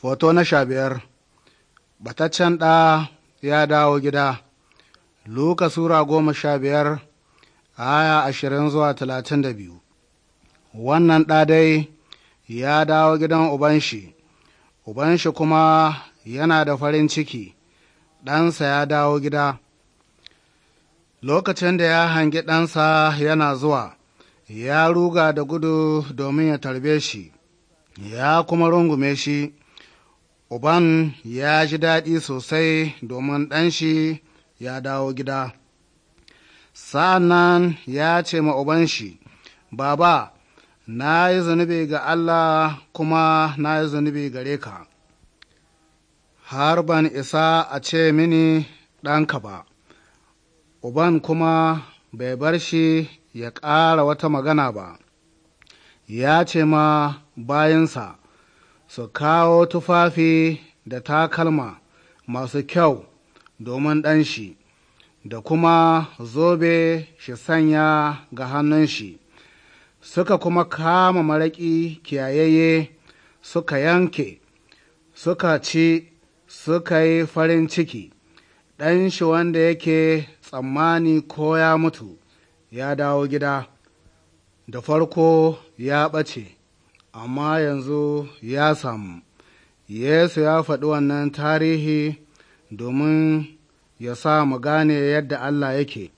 Foto na sha biyar Bataccen ɗa ya dawo gida Luka Sura goma sha biyar aya ashirin zuwa talatin da biyu Wannan ɗa dai ya dawo gidan Ubanshi, Ubanshi kuma yana da farin ciki, ɗansa ya dawo gida. Lokacin da ya hangi ɗansa yana zuwa, ya ruga da gudu domin ya tarbe shi, ya kuma rungume shi, Uban ya ji daɗi sosai domin ɗanshi ya dawo gida. Sa'an ya ce ma Uban shi, Baba, na yi zunubi ga Allah kuma na yi zunubi gare ka, har ban isa a ce mini ɗanka ba, Uban kuma bai bar shi ya ƙara wata magana ba, ya ce ma bayansa, su kawo tufafi da takalma masu kyau domin ɗanshi, da kuma zobe shi sanya ga hannun shi, suka kuma kama maraƙi kiyayeye suka yanke, suka ci, suka yi farin ciki, ɗanshi wanda yake tsammani ko ya mutu, ya dawo gida, da farko ya ɓace. amma yanzu ya samu. Yesu ya faɗi wannan tarihi domin ya sa mu gane yadda Allah yake.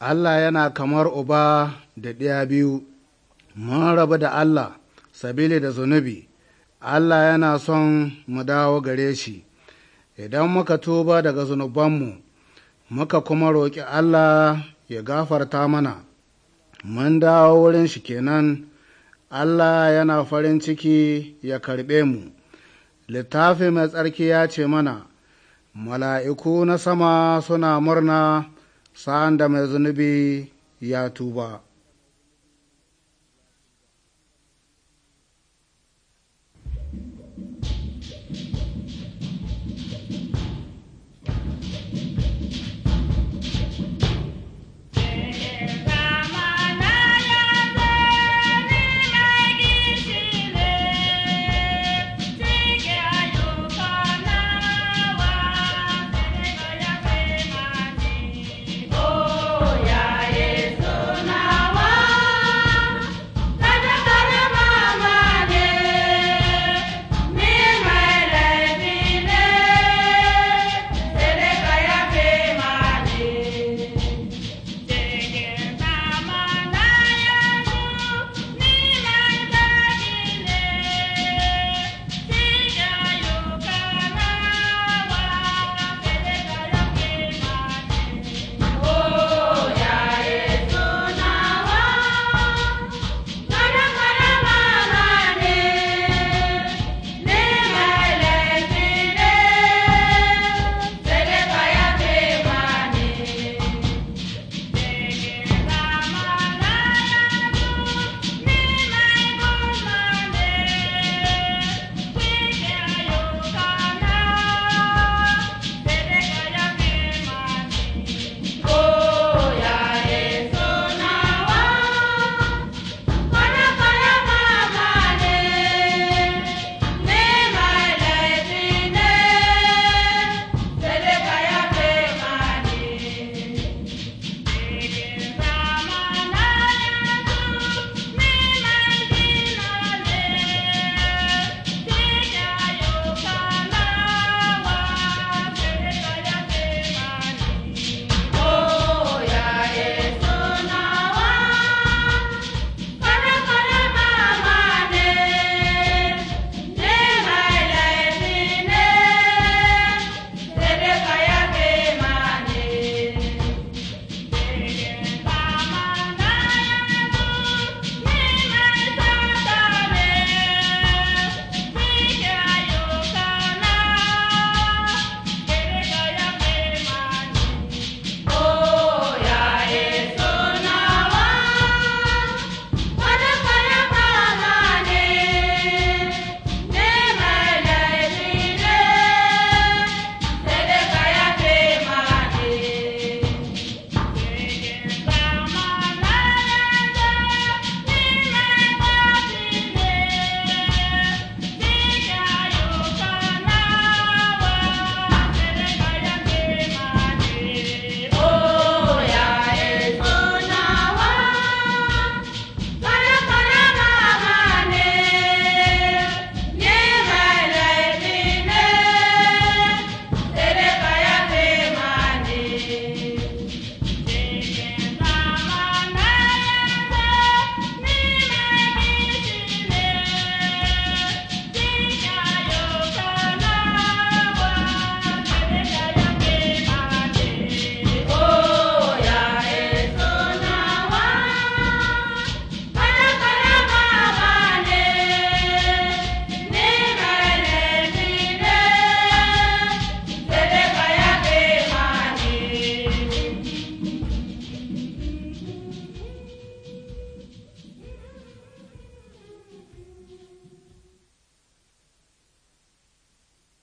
Allah yana kamar uba da ɗiya biyu, mun rabu da Allah, sabili da zunubi, Allah yana son mu dawo gare shi, idan muka tuba daga zunubanmu, muka kuma roƙi Allah ya gafarta mana, mun dawo wurin shi kenan Allah yana farin ciki ya karɓe mu. Littafi mai tsarki ya ce mana, Mala'iku na sama suna murna sa'an da mai zunubi ya tuba.